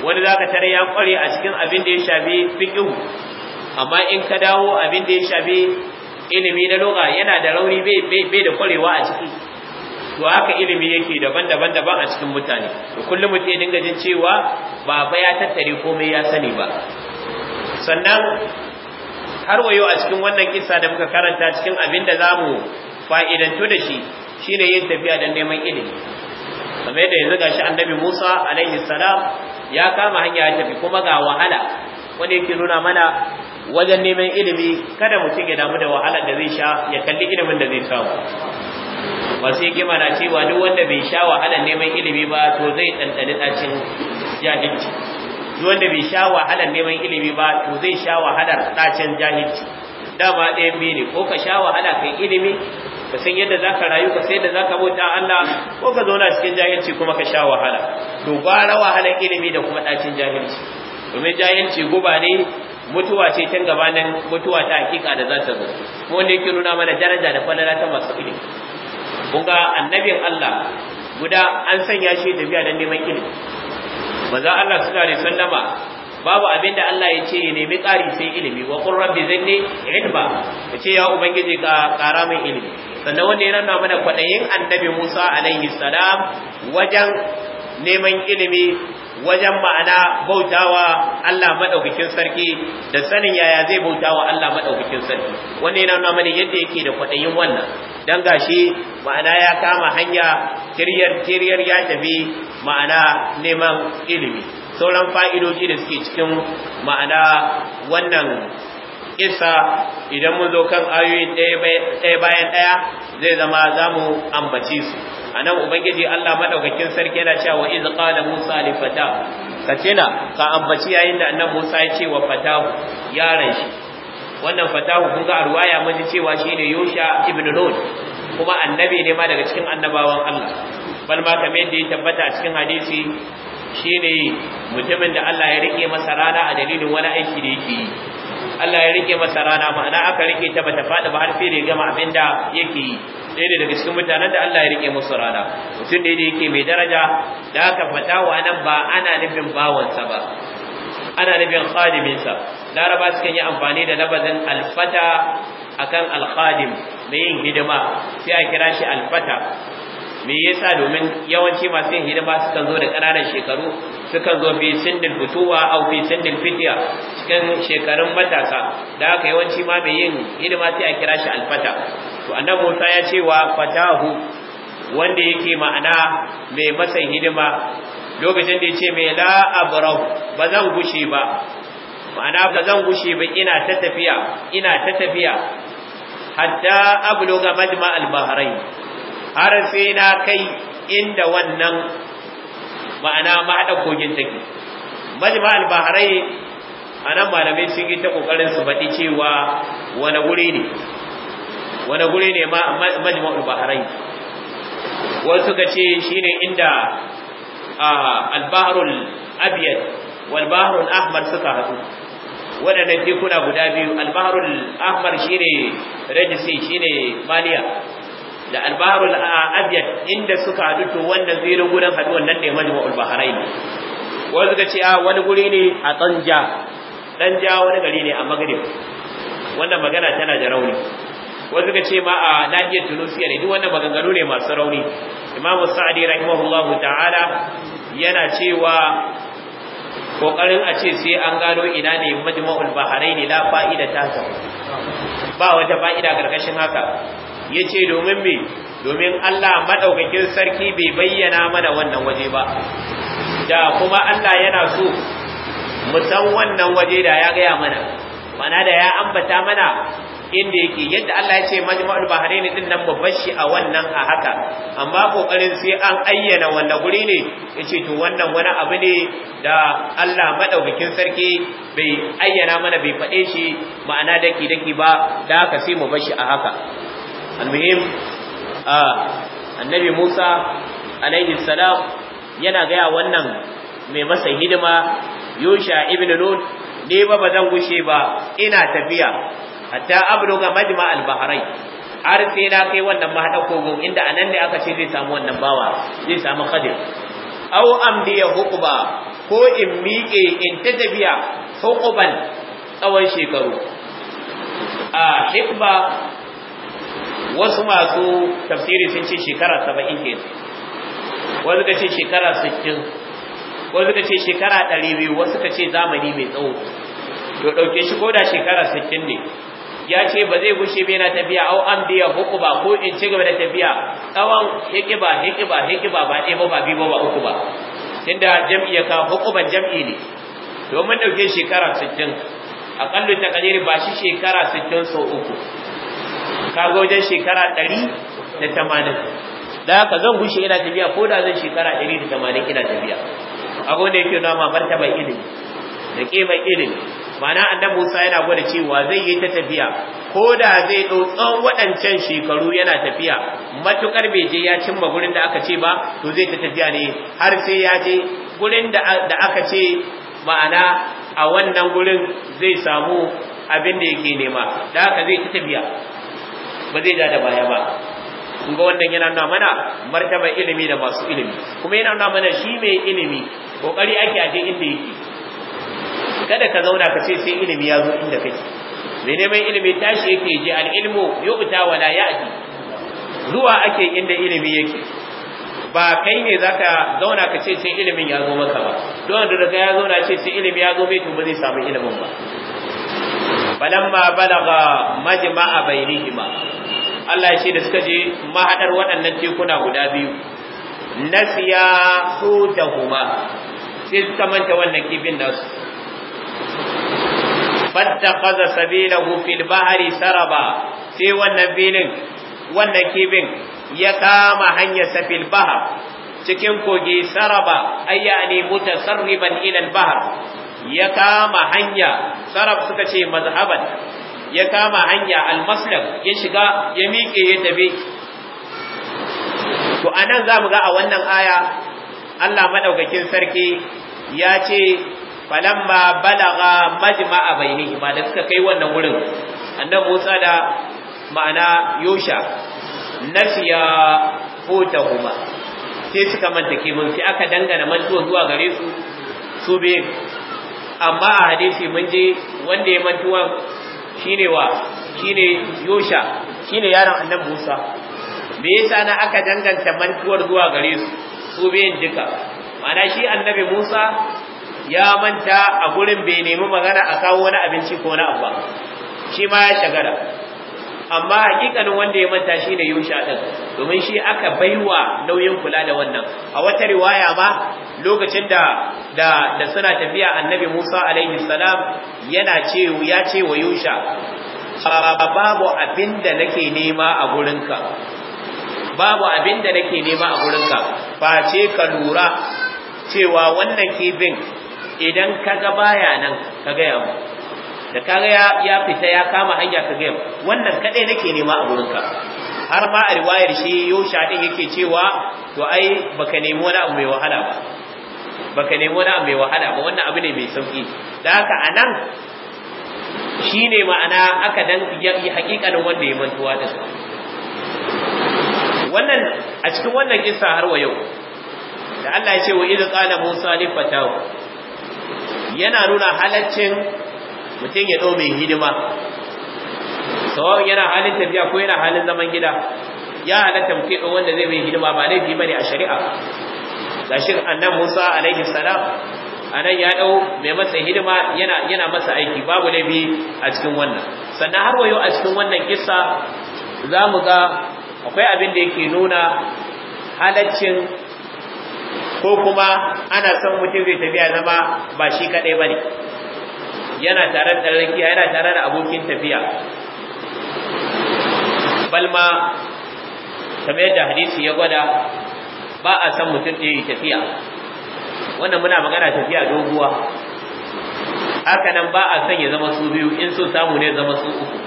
wani zaka tare ya kware a cikin abin da ya shafi fiqh amma in ka dawo abin da ya shafi ilimi na lugha yana da rauni bai da kwarewa a ciki to haka ilimi yake daban-daban daban a cikin mutane to kullum mutum ya dinga jin cewa ba ya tattare komai ya sani ba sannan har wayo a cikin wannan kisa da muka karanta cikin abin da zamu fa'idantu da shi shi ne yin tafiya don neman ilimi kamar yadda yanzu gashi annabi Musa alaihi salam ya kama hanya ya tafi kuma ga wahala Wani yake nuna mana wajen neman ilimi kada mutum ya damu da wahala da zai sha ya kalli ilimin da zai samu masu yake mana cewa duk wanda bai sha wahala neman ilimi ba to zai ɗanɗani ɗacin jahilci duk wanda bai sha wahala neman ilimi ba to zai sha wahalar ɗacin jahilci dama ɗayan biyu ne ko ka sha wahala kai ilimi ka san yadda zaka rayu ka san yadda ka bauta Allah ko ka zauna cikin jahilci kuma ka sha wahala to gwara wahalar ilimi da kuma ɗacin jahilci domin jahilci guba ne mutuwa ce tun gabanin mutuwa ta hakika da za ta zo kuma wanda yake nuna mana daraja da falala ta masu ilimi kun ga annabin Allah guda an sanya shi tafiya don neman ilimi maza Allah suna alaihi wasallama babu abin da Allah ya ce ya nemi ƙari sai ilimi wa qur rabbi zanni ilma ya ce ya ubangiji ka ƙara min ilimi sannan wanda yana nuna mana kwaɗayin annabi Musa alaihi salam wajen neman ilimi wajen ma'ana bautawa Allah madaukakin sarki da sanin yaya zai bautawa Allah madaukakin sarki wanda yana nuna mana yadda yake da kwaɗayin wannan dan gashi ma'ana ya kama hanya kiryar kiryar ya tafi ma'ana neman ilimi sauran fa'idoji da suke cikin ma'ana wannan Isa idan mun zo kan ayoyin ɗaya bayan ɗaya zai zama za mu ambaci su a nan ubangiji allah maɗaukakin sarki yana cewa iz qala musa li fata ka na, ka ambaci yayin da annabi musa ya ce wa fatahu yaron shi wannan fatahu kun ga arwaya mun cewa shine yusha ibn nun kuma annabi ne ma daga cikin annabawan allah bal ma kamar yadda ya tabbata a cikin hadisi shine mutumin da Allah ya rike masa rana a dalilin wani aiki da yake yi Allah ya rike masa rana ma'ana aka rike ta bata faɗi ba har sai da gama abin da yake yi ɗaya da daga cikin mutanen da Allah ya rike musu rana mutum ɗaya da yake mai daraja da aka fata wa nan ba ana nufin bawansa ba ana nufin khadiminsa laraba sukan yi amfani da labazin alfata akan alkhadim mai yin hidima sai a kira shi alfata me yasa domin yawanci masu yin hidima sukan zo da ƙananan shekaru Su kan zo fi sindil fituwa au fi sindil fitiya cikin shekarun matasa da haka yawanci ma mai yin hidima sai a kira shi alfata to annabi Musa ya ce wa fatahu wanda yake ma'ana mai masan hidima lokacin da ya ce mai la abrahu ba zan gushe ba ma'ana ba zan gushe ba ina ta tafiya ina ta tafiya hatta abluga majma al-bahrain har sai na kai inda wannan ma'ana mahaɗa kogin take majma al-baharai a nan malamai sun yi ta ƙoƙarin su baɗi cewa wani guri ne wani guri ne majma al-baharai wasu suka ce shine inda al-baharul abiyad wal baharul ahmar suka haɗu waɗannan tekuna guda biyu al-baharul ahmar shine rajisi shine maliya da albaharul abyad inda suka hadu to wannan zirin gurin haduwan nan ne majma'ul bahrain wanda suka ce a wani guri ne a tsanja tsanja wani gari ne a maghrib wannan magana tana da rauni wanda suka ce ma a nahiyar tunisia ne duk wannan maganganu ne masu rauni imamu sa'adi rahimahullahu ta'ala yana cewa kokarin a ce sai an gano ina ne majma'ul bahrain la fa'ida ta ba wata fa'ida karkashin haka Yace domin me domin Allah maɗaukakin sarki bai bayyana mana wannan waje ba da kuma Allah yana so mu san wannan waje da ya gaya mana mana da ya ambata mana inda yake yadda Allah ya ce majma'ul bahrain din nan babban shi a wannan a haka amma kokarin sai an ayyana wanda guri ne yace to wannan wani abu ne da Allah madaukakin sarki bai ayyana mana bai faɗe shi ma'ana daki daki ba da haka sai mu bashi a haka almuhim a annabi Musa alaihi salam yana gaya wannan mai masa hidima Yusha ibn Nun ne ba bazan gushe ba ina tafiya hatta abluga majma al-bahrain har sai na kai wannan mahada kogon inda anan ne aka ce zai samu wannan bawa zai samu khadir aw amdiya hukuba ko in miƙe in ta tafiya hukuban tsawon shekaru a hikba wasu masu tafsiri sun ce shekara saba'in ke wasu ka ce shekara sittin wasu ka ce shekara ɗari biyu wasu ka ce zamani mai tsawo to ɗauke shi ko da shekara sittin ne ya ce ba zai gushe bai na tafiya au an biya uku ba ko in ci gaba da tafiya tsawon hikiba hikiba hikiba ba ɗaya ba ba biyu ba uku ba tunda jam'i ka kawo ban jam'i ne domin ɗauke shekara sittin aƙallu ta ba shi shekara sittin sau uku kaga wajen shekara ɗari da tamanin da haka zan gushe ina tafiya ko da zan shekara ɗari ina tafiya akwai wanda yake nama martaba ilimi da ƙeba ilimi mana annabi Musa yana gwada cewa zai yi ta tafiya ko da zai dau tsawon waɗancan shekaru yana tafiya matukar bai je ya cimma gurin da aka ce ba to zai ta tafiya ne har sai ya je gurin da aka ce ma'ana a wannan gurin zai samu abin da yake nema da haka zai ta tafiya ba zai ja da baya ba kun ga wannan yana nuna mana martaba ilimi da masu ilimi kuma yana nuna mana shi mai ilimi kokari ake aje inda yake kada ka zauna ka ce sai ilimi ya zo inda kake mai neman ilimi tashi yake je al ilmu yubta wala ya'ti zuwa ake inda ilimi yake ba kai ne zaka zauna ka ce sai ilimin ya zo maka ba don da daga ya zauna ce sai ilimi ya zo bai to ba zai samu ilimin ba balamma balaga majma'a bainihima Allah ya ce da suka je mahadar waɗannan tekuna guda biyu nasiya hudahuma sai suka manta wannan kifin nasu fattakaza sabilahu fil bahari saraba sai wannan filin wannan kifin ya kama hanyar fil bahar cikin kogi saraba ne mutasarriban sarriban al bahar ya kama hanya sarab suka ce mazhaban ya kama hanya almaslak ya shiga ya miƙe ya tafi to anan zamu ga a wannan aya Allah madaukakin sarki ya ce falamma balaga majma'a bainihi ma da suka kai wannan wurin annabi Musa da ma'ana Yosha nafiya kuma. sai suka manta kimin sai aka dangana mantuwa zuwa gare su su be amma a hadisi mun je wanda ya mantuwa shine wa shine yosha shine yaron annabi musa me yasa na aka danganta mantuwar zuwa gare su su biyan duka mana shi annabi musa ya manta a gurin bai nemi magana a kawo wani abinci ko na abu shi ma ya shagara amma hakikanin wanda ya manta shi ne yusha ɗin domin shi aka baiwa nauyin kula da wannan a wata riwaya ma lokacin da da suna tafiya annabi Musa alaihi salam yana ce ya ce wa yusha babu abinda nake nema a gurinka babu abinda nake nema a gurinka ce ka lura cewa wannan kifin idan kaga baya nan ka gaya mu da kaga ya ya fita ya kama hanya ka gaya wannan kadai nake nema a gurin ka har ma a riwayar shi yosha din yake cewa to ai baka nemi wani abu mai wahala ba baka nemi wani abu mai wahala ba wannan abu ne mai sauki da haka anan shine ma'ana aka dan yi hakikanin wanda ya mantuwa da wannan a cikin wannan kissa har wa yau da Allah ya ce wa idza qala musa li fatahu yana nuna halaccin mutum ya ɗau mai hidima sawa'un yana halin tafiya ko yana halin zaman gida ya halatta mutum ɗau wanda zai mai hidima ba laifi bane a shari'a gashin annan musa alaihi salam nan ya ɗau mai masa hidima yana yana masa aiki babu laifi a cikin wannan sannan har wayo a cikin wannan kisa za mu ga akwai abin da yake nuna halaccin ko kuma ana son mutum zai tafiya zama ba shi kaɗai ba ne yana tare da rakiya yana tare da abokin tafiya balma kamar yadda hadisi ya gwada ba a san mutum da yi tafiya wannan muna magana tafiya doguwa haka nan ba a san ya zama su biyu in so samu ne zama su uku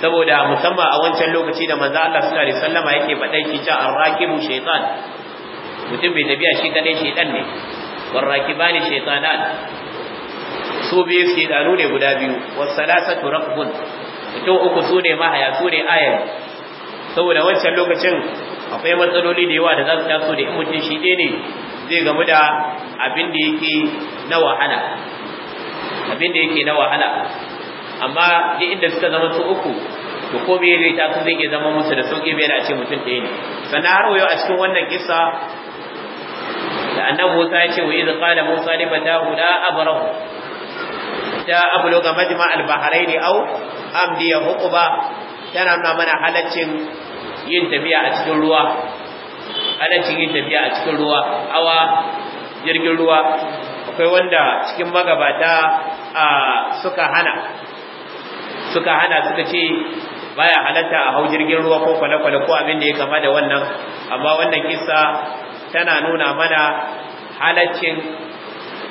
saboda musamman a wancan lokaci da manzo Allah sallallahu alaihi wasallam yake fada shi ta arrakibu shaytan mutum bai tafiya shi kadai shaytan ne warrakibani shaytanan su biyu su shedanu ne guda biyu wasalasatu raqbun mutum uku su ne mahaya su ne ayar saboda wancan lokacin akwai matsaloli da yawa da za su taso da in shi ɗaya ne zai gamu da abin da yake na wahala abin da yake na wahala amma duk inda suka zama su uku to ko me zai taso zai iya zama musu da sauƙi bai da ce mutum ɗaya ne sannan har yau a cikin wannan kissa da annabi Musa ya ce wa idh qala Musa li fatahu la abrahu hatta abluga majma al-bahrain aw amdiya ba, tana nuna mana halaccin yin tafiya a cikin ruwa halaccin yin tafiya a cikin ruwa awa jirgin ruwa akwai wanda cikin magabata suka hana suka hana suka ce baya halatta a hau jirgin ruwa ko kwale-kwale ko abin da ya kama da wannan amma wannan kisa tana nuna mana halaccin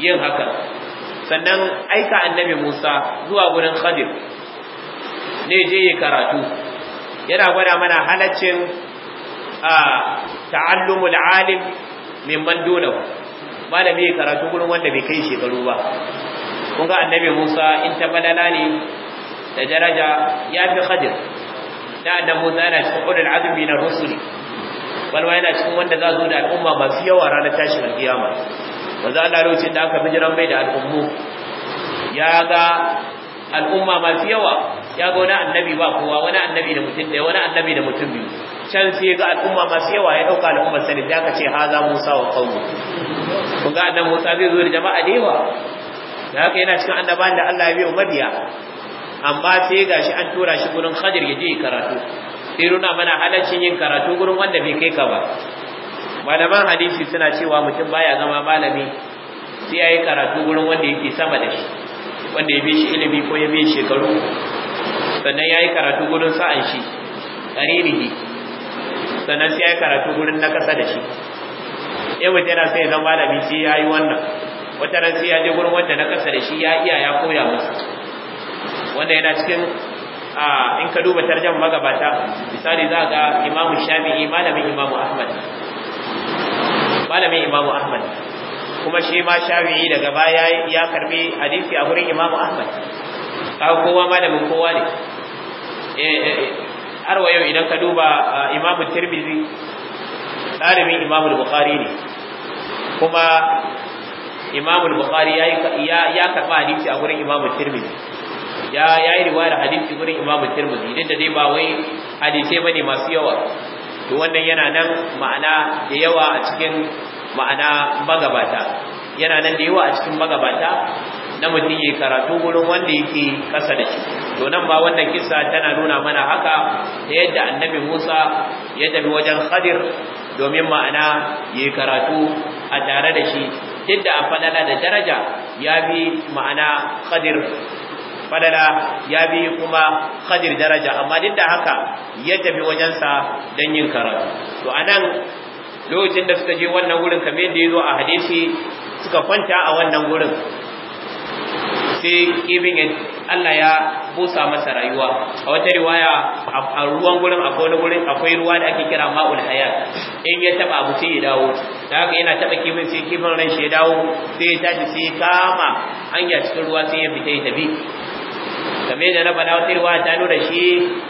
yin haka sannan aika annabi Musa zuwa gurin Khadir ne je yi karatu yana gwada mana halaccin ta'allumul alim man dunahu malami ya karatu gurin wanda bai kai shekaru ba kun ga annabi Musa in ta balala ne da daraja ya fi Khadir da annabi Musa yana cikin ulul azumi na rusuli balwa yana cikin wanda za su da al'umma masu yawa ranar tashin kiyama manzo Allah lokacin da aka bijiran mai da al'ummu ya ga al'umma masu yawa ya ga wani annabi ba kowa wani annabi da mutum ɗaya wani annabi da mutum biyu can sai ga al'umma masu yawa ya ɗauka al'ummar sani da aka ce haza musa wa kawo kun ga annan musa zai zo da jama'a da yawa da haka yana cikin annabawan da allah ya biyo mabiya amma sai ga shi an tura shi gurin khadir ya je karatu sai mana halaccin yin karatu gurin wanda bai kai ka ba malaman hadisi suna cewa mutum baya zama malami sai yayi karatu gurin wanda yake sama da shi wanda ya bi shi ilimi ko ya bi shekaru sannan yayi karatu gurin sa'an shi qaririhi sannan sai yayi karatu gurin na kasa da shi eh wata ran sai zama malami sai yayi wannan wata ran sai ya je gurin wanda na kasa da shi ya iya ya koya masa wanda yana cikin in ka duba tarjan magabata misali za ga imamu shafi'i malamin imamu ahmad malamin imamu ahmad kuma shi ma shafi'i daga baya ya karbi hadisi a gurin imamu ahmad kawo kowa malamin kowa ne eh, eh, eh, har wa yau idan ka duba ah, imamu tirmidhi ɗalibin imamu bukhari ne kuma imamu bukhari ya karba hadisi a gurin imamu tirmidhi ya yi riwayar hadisi gurin imamu tirmidhi duk da dai ba wai hadisai bane masu yawa to wannan yana nan ma'ana da yawa a cikin ma'ana magabata yana nan da yawa a cikin magabata na mutum ya karatu wurin wanda yake kasa da shi to nan ma wannan kisa tana nuna mana haka da yadda annabi Musa ya tafi wajen Khadir domin ma'ana ya karatu a tare da shi duk da falala da daraja ya bi ma'ana Khadir falala ya bi kuma khadir daraja amma duk da haka ya tafi wajensa don yin karatu to anan lokacin da suka je wannan wurin kamar yadda ya zo a hadisi suka kwanta a wannan wurin sai ibn Allah ya busa masa rayuwa a wata riwaya a ruwan gurin akwai wani gurin akwai ruwa da ake kira ma'ul hayat in ya taba abu sai ya dawo da haka yana taba kifin sai kifin ran shi ya dawo sai ya tashi sai ya kama hanya cikin ruwa sai ya fita ya tafi kamar da na faɗa wata ruwa ta nuna shi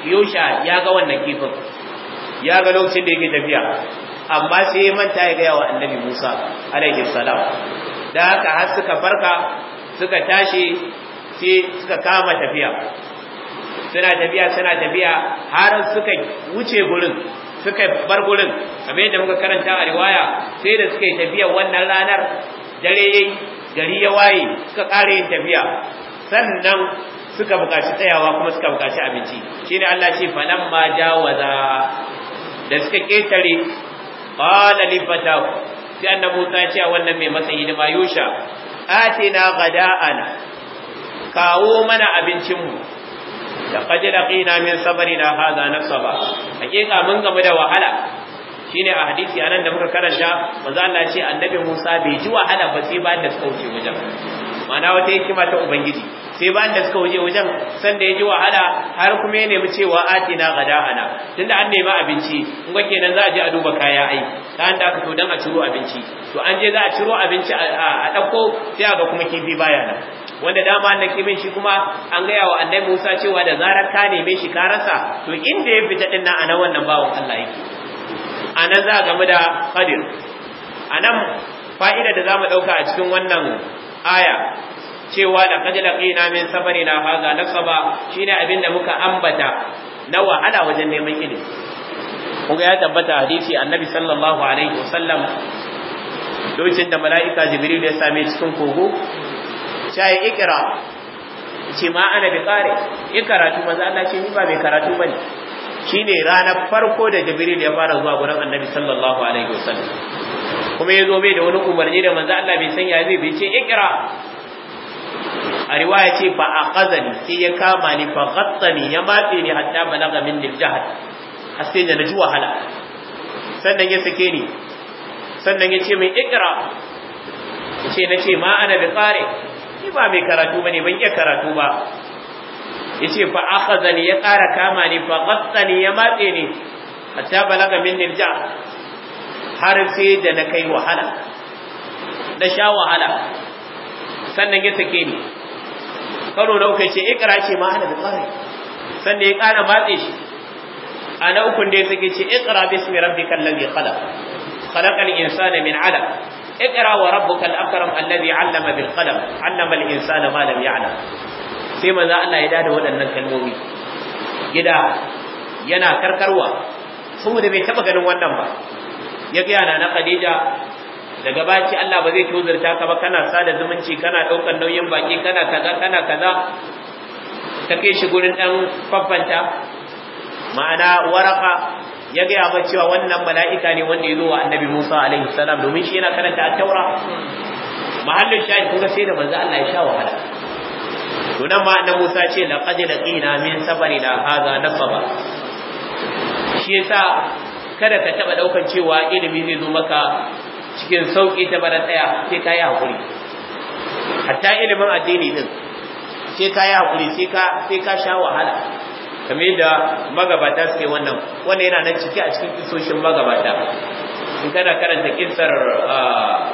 yosha ya ga wannan kifin ya ga lokacin da yake tafiya amma sai ya manta ya gaya wa annabi musa alaihi salam da haka har suka farka suka tashi sai suka kama tafiya suna tafiya suna tafiya har suka wuce gurin suka bar gurin kamar yadda muka karanta a riwaya sai da suka yi tafiya wannan ranar dare gari ya waye suka ƙara yin tafiya sannan suka bukaci tsayawa kuma suka bukaci abinci Shin Allah ce ma jawaza da suka ketare qala lifata sai annabi Musa ce a wannan mai masa hidima na gada gada'ana kawo mana abincin mu da ƙina min haza na saba. hakika mun gamu da wahala shine a hadisi anan da muka karanta manzo Allah ce annabi Musa bai ji wahala ba sai bayan da suka wuce wajen ma'ana wata hikima ta ubangiji sai bayan da suka waje wajen sanda ya ji wahala har kuma ya nemi cewa atina ana tunda an nemi abinci in ga nan za a je a duba kaya ai kayan da ka to dan a ciro abinci to an je za a ciro abinci a dauko sai a ga kuma kifi baya nan wanda dama annan kifin shi kuma an gaya wa annabi Musa cewa da zarar ka neme shi ka rasa to inda ya fita din nan a nan wannan bawan Allah yake anan za a gamu da Qadir anan fa'ida da mu dauka a cikin wannan aya cewa laqad laqina min safarina hadha nasaba shine abin da muka ambata na wahala wajen neman ilimi kuma ya tabbata hadisi annabi sallallahu alaihi wasallam lokacin da mala'ika jibril ya same cikin kogo sai ikra ce ma ana bi kare in karatu maza Allah ce ni ba mai karatu bane shine ranar farko da jibril ya fara zuwa gurin annabi sallallahu alaihi wasallam kuma ya zo bai da wani umarni da manzo Allah bai san ya zai bai ce ikra a riwaya ce ba a akhazani sai ya kama ni fa ghattani ya matse ni hatta balaga min al-jahd har sai da na naji wahala sannan ya sake ni sannan ya ce mai ya ce na ce ma ana da tsare ni ba mai karatu bane ban iya karatu ba ya ce ba a akhazani ya ƙara kama ni fa ghattani ya matse ni hatta na min al-jahd har sai da na kai wahala na sha wahala sannan ya sake ni karo na uku ce ikra ce ma ana bi tsari sannan ya ƙara matse shi a na ukun da ya sake ce ikra bismi rabbikal ladhi khalaq khalaqal insana min 'alaq اقرا وربك الاكرم الذي علم بالقلم علم الانسان ما لم يعلم sai manzo Allah ya dada waɗannan kalmomi gida yana karkarwa saboda bai taba ganin wannan ba ya ga yana na Khadija daga baki Allah ba zai tozarta ka ba kana sada zumunci kana ɗaukar nauyin baki kana kaza kana kaza ta kai shi gurin dan faffanta ma'ana waraka ya gaya ba cewa wannan mala'ika ne wanda ya zo wa annabi Musa alaihi salam domin shi yana karanta at-taura mahallin shi kun ga sai da manzo Allah ya sha wahala to nan ma annabi Musa ce laqad laqina min safarina hadha nasaba shi yasa kada ka taba daukan cewa ilimi zai zo maka cikin sauƙi ta bada ɗaya, sai ka yi haƙuri hatta ilimin addini din sai ka yi haƙuri sai ka sha wahala kamar da magabata suke wannan wanda yana nan ciki a cikin kisoshin magabata in kana karanta kisar ah,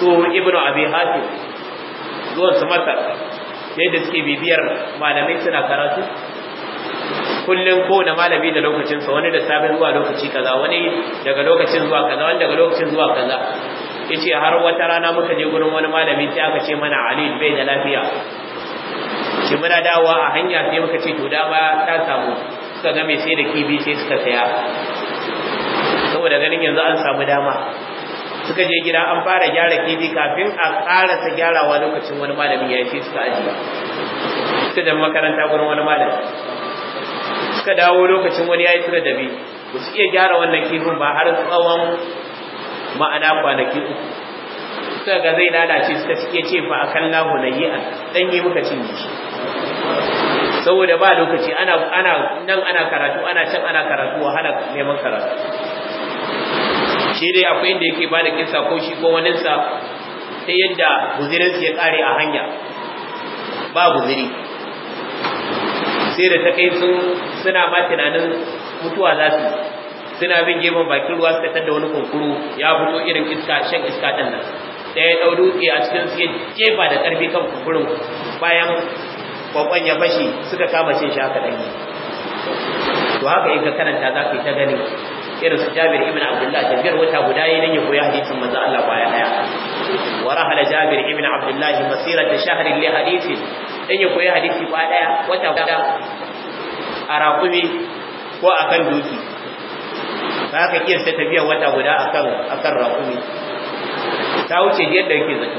su ibnu abi hatim zuwan su masar yadda suke bibiyar malamai suna karatu kullun na malami da lokacinsa wani da safe zuwa lokaci kaza wani daga lokacin zuwa kaza wani daga lokacin zuwa kaza yace har wata rana muka je gurin wani malami sai aka ce mana Ali bai da lafiya shi muna dawowa a hanya sai muka ce to dama ta samu suka ga mai sai da kibi sai suka saya saboda ganin yanzu an samu dama suka je gida an fara gyara kifi kafin a karasa gyarawa lokacin wani malami ya ce suka ajiye suka da makaranta gurin wani malami suka dawo lokacin wani ya yi da dabi ba su iya gyara wannan kifin ba har tsawon ma'ana kwanaki uku suka ga zai lalace suka suke ce fa a kan lahu na yi ɗan yi muka cin shi saboda ba lokaci ana ana nan ana karatu ana can ana karatu wahala neman karatu shi dai akwai inda yake bada kinsa ko shi ko waninsa ta yadda guzirinsu ya kare a hanya ba guziri sai da ta kai su suna ma tunanin mutuwa za su suna bin gefen bakin ruwa suka da wani kunkuru ya fito irin iska shan iska ɗin nan da ya ɗau dutse a cikin su jefa da ƙarfi kan kunkurin bayan kwakwan ya fashe suka kama cin shi haka ɗanyi to haka in ka karanta za ka yi ta gani irin su jabir ibn abdullah jabir wata guda yi nan ya koya hadisin manzo Allah baya daya wa rahala jabir ibn abdullah masirata shahrin li hadisin dan ya koyi hadisi ba daya wata guda a rakumi ko akan doki za ka kiyasta tafiya wata guda akan akan rakumi ta wuce yadda yake zato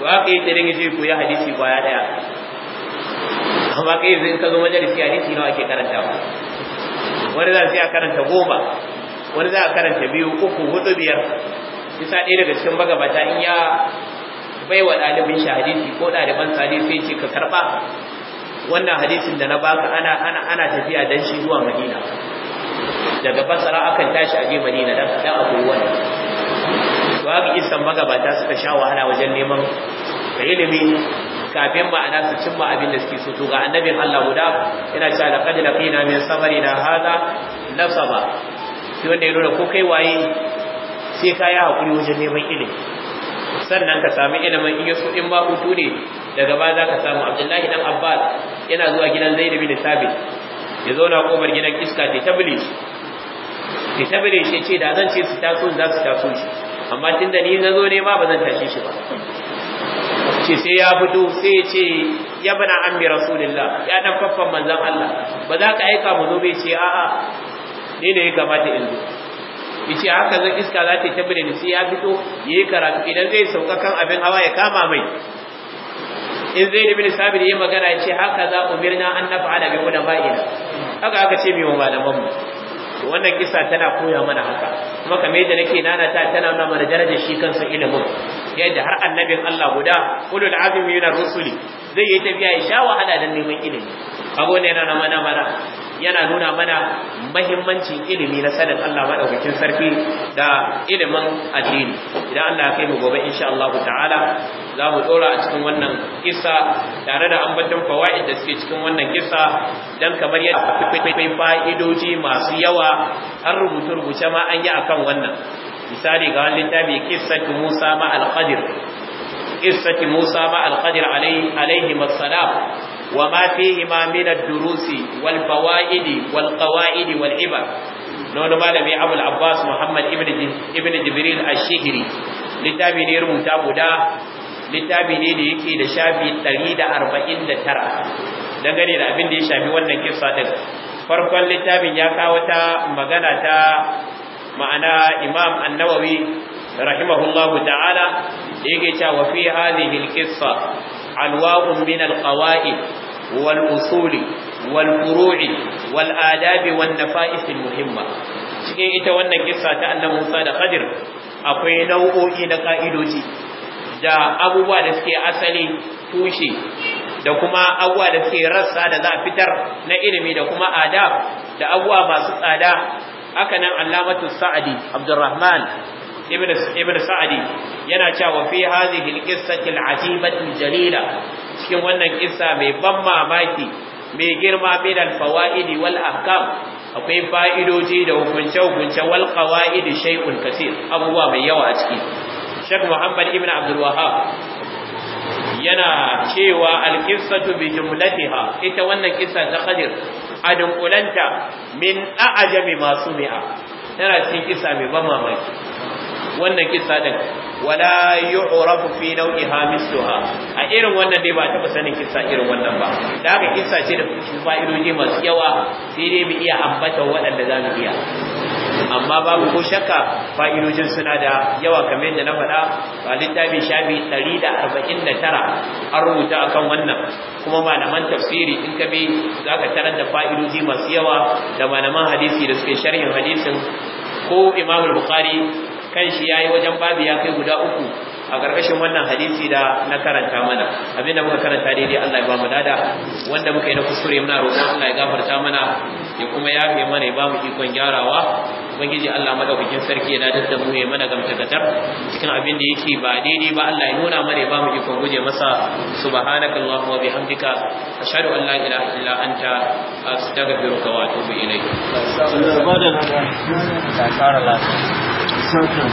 to haka yadda dan yaje koyi hadisi ba daya amma kai zai ka zo majalisi hadisi nawa ake ba wani za su a karanta goma wani za a karanta biyu uku hudu biyar bisa ɗaya daga cikin magabata in ya baiwa ɗalibin shi hadisi ko ɗaliban sa sai ce ka karba wannan hadisin da na baka ana ana ana tafiya dan shi zuwa Madina daga Basra akan tashi a Madina dan dan abu to haka isan magabata suka sha wahala wajen neman ilimi kafin ma'ana su cimma abin da suke so to ga annabin Allah guda yana cewa laqad laqina min samarina hada nasaba shi wanda ya nuna ko kai waye sai ka yi hakuri wajen neman ilimi sannan ka sami ilimin in yaso in da hutu ne daga ba za ka samu abdullahi dan abbas yana zuwa gidan zaid bin sabit ya zauna kofar gidan iska ta tablis ta tablis ya ce da zan ce su taso za su taso shi amma tunda ni na zo ne ma ba zan tashe shi ba ce sai ya fito sai ya ce ya bana ammi rasulullah ya dan faffan manzon Allah ba za ka aika mu zo bai ce a'a ne ne ya kamata in zo yace haka zan iska za ta yi tabbare ni sai ya fito yayi karatu idan zai sauka kan abin hawa ya kama mai in zai ibn sabir yayi magana yace haka za ku umirna an naf'ala bi ba'ina. haka aka ce mai malaman mu wannan kisa tana koya mana haka kuma kamar yadda nake nana ta tana nuna mana darajar shi kansa ilimin yadda har annabin Allah guda ulul azmi yana rusuli zai yi tafiya ya sha wahala dan neman ilimi kago ne yana mana mana yana nuna mana mahimmancin ilimi na sanin Allah madaukakin sarki da ilimin addini idan Allah ya kai mu gobe insha Allah ta'ala za mu dora a cikin wannan kisa tare da ambaton fawaid da suke cikin wannan kisa dan kamar yadda fa'idoji masu yawa an rubutu rubuce ma an yi akan wannan misali ga wani littafi kissatu Musa ma al-Qadir kissatu Musa ma al-Qadir alaihi alaihi وما فيهما من الدروس والفوائد والقواعد والعبر نون مالمي أبو العباس محمد ابن جبريل الشهري littafi ne rubuta guda littafi ne da yake da shafi da dangane da abin da ya shafi wannan kissa din farkon littafin ya kawo ta magana ta ma'ana Imam An-Nawawi rahimahullahu ta'ala da yake cewa wafi hadhihi al anwa'un min alqawa'id wal usuli wal furu'i wal adabi wan muhimma cikin ita wannan kissa ta Allah Musa da Khadir akwai nau'o'i na ka'idoji da abubuwa da suke asali tushe da kuma abubuwa da suke rassa da za a fitar na ilimi da kuma adab da abubuwa masu tsada hakanan nan allamatu sa'adi abdurrahman ibn ibn sa'di yana cewa fi hadhihi alqissati al'ajibati aljalila cikin wannan kissa mai ban mamaki mai girma min alfawaidi wal ahkam akwai fa'idoji da hukunce hukunce wal qawaid shay'un kaseer abubuwa mai yawa a ciki Sheikh Muhammad ibn Abdul Wahhab yana cewa alqissatu bi jumlatiha ita wannan kissa ta Khadir a dunkulanta min a'ajami masu mi'a cikin kissa mai ban mamaki wannan kissa din wala yu'rafu fi nau'iha misluha a irin wannan dai ba taba sanin kissa irin wannan ba da ga kissa ce da fa'idoji masu yawa sai dai mu iya ambata waɗanda za mu iya amma babu ko shakka fa'idojin suna da yawa kamar da na faɗa ba littafi shafi 149 an rubuta akan wannan kuma malaman tafsiri in ka bi za tarar da fa'idoji masu yawa da malaman hadisi da suke sharhin hadisin ko imamul bukhari kan shi yayi wajen babu ya kai guda uku a ƙarƙashin wannan hadisi da na karanta mana abin da muka karanta daidai Allah ya ba mu dada wanda muka yi na kuskure muna roƙon Allah ya gafarta mana ya kuma yafe mana ya ba mu ikon gyarawa ubangiji Allah madaukakin sarki ya dadar mu ya mana gamtakatar cikin abin da yake ba daidai ba Allah ya nuna mana ya ba mu ikon guje masa subhanakallahumma wa bihamdika ashhadu an la ilaha illa anta astaghfiruka wa atubu ilayk